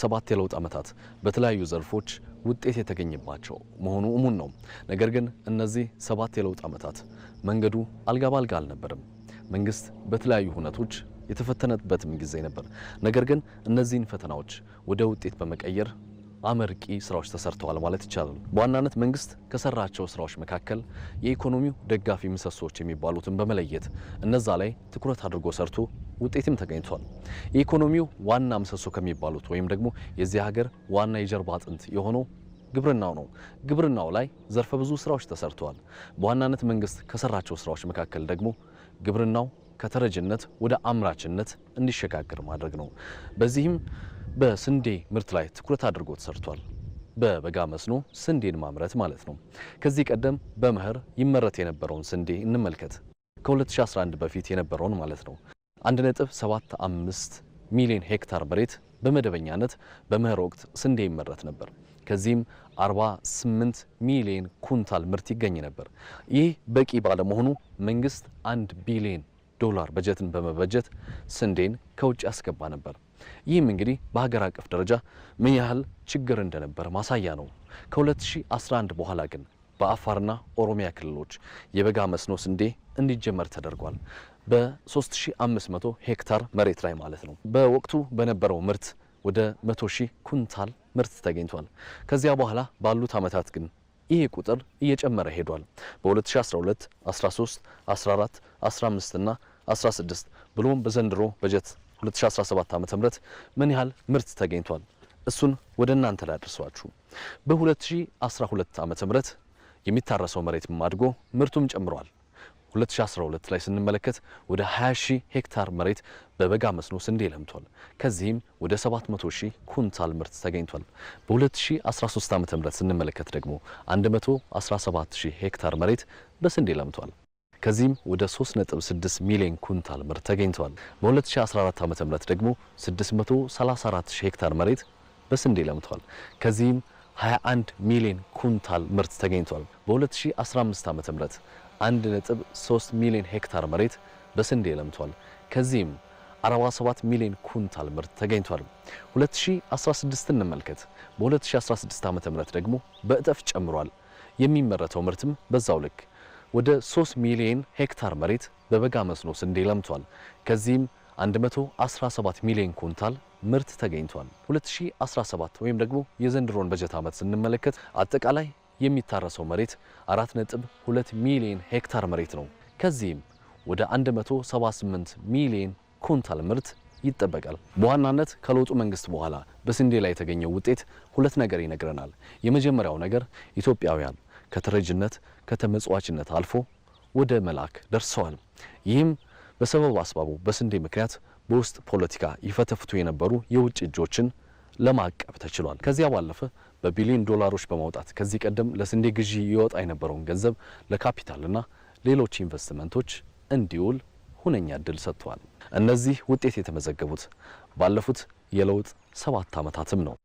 ሰባት የለውጥ ዓመታት በተለያዩ ዘርፎች ውጤት የተገኘባቸው መሆኑ እሙን ነው። ነገር ግን እነዚህ ሰባት የለውጥ ዓመታት መንገዱ አልጋ ባልጋ አልነበርም። መንግስት በተለያዩ ሁነቶች የተፈተነበትም ጊዜ ነበር። ነገር ግን እነዚህን ፈተናዎች ወደ ውጤት በመቀየር አመርቂ ስራዎች ተሰርተዋል ማለት ይቻላል። በዋናነት መንግስት ከሰራቸው ስራዎች መካከል የኢኮኖሚው ደጋፊ ምሰሶዎች የሚባሉትን በመለየት እነዛ ላይ ትኩረት አድርጎ ሰርቶ ውጤትም ተገኝቷል። የኢኮኖሚው ዋና ምሰሶ ከሚባሉት ወይም ደግሞ የዚህ ሀገር ዋና የጀርባ አጥንት የሆነው ግብርናው ነው። ግብርናው ላይ ዘርፈ ብዙ ስራዎች ተሰርተዋል። በዋናነት መንግስት ከሰራቸው ስራዎች መካከል ደግሞ ግብርናው ከተረጅነት ወደ አምራችነት እንዲሸጋገር ማድረግ ነው። በዚህም በስንዴ ምርት ላይ ትኩረት አድርጎ ተሰርቷል። በበጋ መስኖ ስንዴን ማምረት ማለት ነው። ከዚህ ቀደም በመኸር ይመረት የነበረውን ስንዴ እንመልከት። ከ2011 በፊት የነበረውን ማለት ነው። 1.75 ሚሊዮን ሄክታር መሬት በመደበኛነት በመኸር ወቅት ስንዴ ይመረት ነበር። ከዚህም 48 ሚሊዮን ኩንታል ምርት ይገኝ ነበር። ይህ በቂ ባለመሆኑ መንግስት 1 ቢሊዮን ዶላር በጀትን በመበጀት ስንዴን ከውጭ ያስገባ ነበር። ይህም እንግዲህ በሀገር አቀፍ ደረጃ ምን ያህል ችግር እንደነበረ ማሳያ ነው። ከ2011 በኋላ ግን በአፋርና ኦሮሚያ ክልሎች የበጋ መስኖ ስንዴ እንዲጀመር ተደርጓል። በ3500 ሄክታር መሬት ላይ ማለት ነው። በወቅቱ በነበረው ምርት ወደ 100 ሺህ ኩንታል ምርት ተገኝቷል። ከዚያ በኋላ ባሉት ዓመታት ግን ይህ ቁጥር እየጨመረ ሄዷል። በ2012፣ 13፣ 14፣ 15 እና 16 ብሎም በዘንድሮ በጀት 2017 ዓ.ም ምን ያህል ምርት ተገኝቷል? እሱን ወደ እናንተ ላደርሷችሁ። በ2012 ዓ.ም የሚታረሰው መሬትም አድጎ ምርቱም ጨምሯል። 2012 ላይ ስንመለከት ወደ 20 ሺህ ሄክታር መሬት በበጋ መስኖ ስንዴ ለምቷል። ከዚህም ወደ 700 ሺህ ኩንታል ምርት ተገኝቷል። በ2013 ዓ.ም ስንመለከት ደግሞ 117 ሺህ ሄክታር መሬት በስንዴ ለምቷል። ከዚህም ወደ 3.6 ሚሊዮን ኩንታል ምርት ተገኝቷል። በ2014 ም ደግሞ 634 ሺህ ሄክታር መሬት በስንዴ ለምቷል። ከዚህም 21 ሚሊዮን ኩንታል ምርት ተገኝቷል። በ2015 ዓ.ም 1.3 ሚሊዮን ሄክታር መሬት በስንዴ ለምቷል። ከዚህም 47 ሚሊዮን ኩንታል ምርት ተገኝቷል። 2016 እንመልከት። በ2016 ም ደግሞ በእጥፍ ጨምሯል። የሚመረተው ምርትም በዛው ልክ ወደ 3 ሚሊዮን ሄክታር መሬት በበጋ መስኖ ስንዴ ለምቷል። ከዚህም 117 ሚሊዮን ኩንታል ምርት ተገኝቷል። 2017 ወይም ደግሞ የዘንድሮን በጀት ዓመት ስንመለከት አጠቃላይ የሚታረሰው መሬት 4.2 ሚሊዮን ሄክታር መሬት ነው። ከዚህም ወደ 178 ሚሊዮን ኩንታል ምርት ይጠበቃል። በዋናነት ከለውጡ መንግስት በኋላ በስንዴ ላይ የተገኘው ውጤት ሁለት ነገር ይነግረናል። የመጀመሪያው ነገር ኢትዮጵያውያን ከተረጅነት ከተመጽዋችነት አልፎ ወደ መላክ ደርሰዋል። ይህም በሰበብ አስባቡ በስንዴ ምክንያት በውስጥ ፖለቲካ ይፈተፍቱ የነበሩ የውጭ እጆችን ለማቀብ ተችሏል። ከዚያ ባለፈ በቢሊዮን ዶላሮች በማውጣት ከዚህ ቀደም ለስንዴ ግዢ ይወጣ የነበረውን ገንዘብ ለካፒታልና ሌሎች ኢንቨስትመንቶች እንዲውል ሁነኛ እድል ሰጥቷል። እነዚህ ውጤት የተመዘገቡት ባለፉት የለውጥ ሰባት ዓመታትም ነው።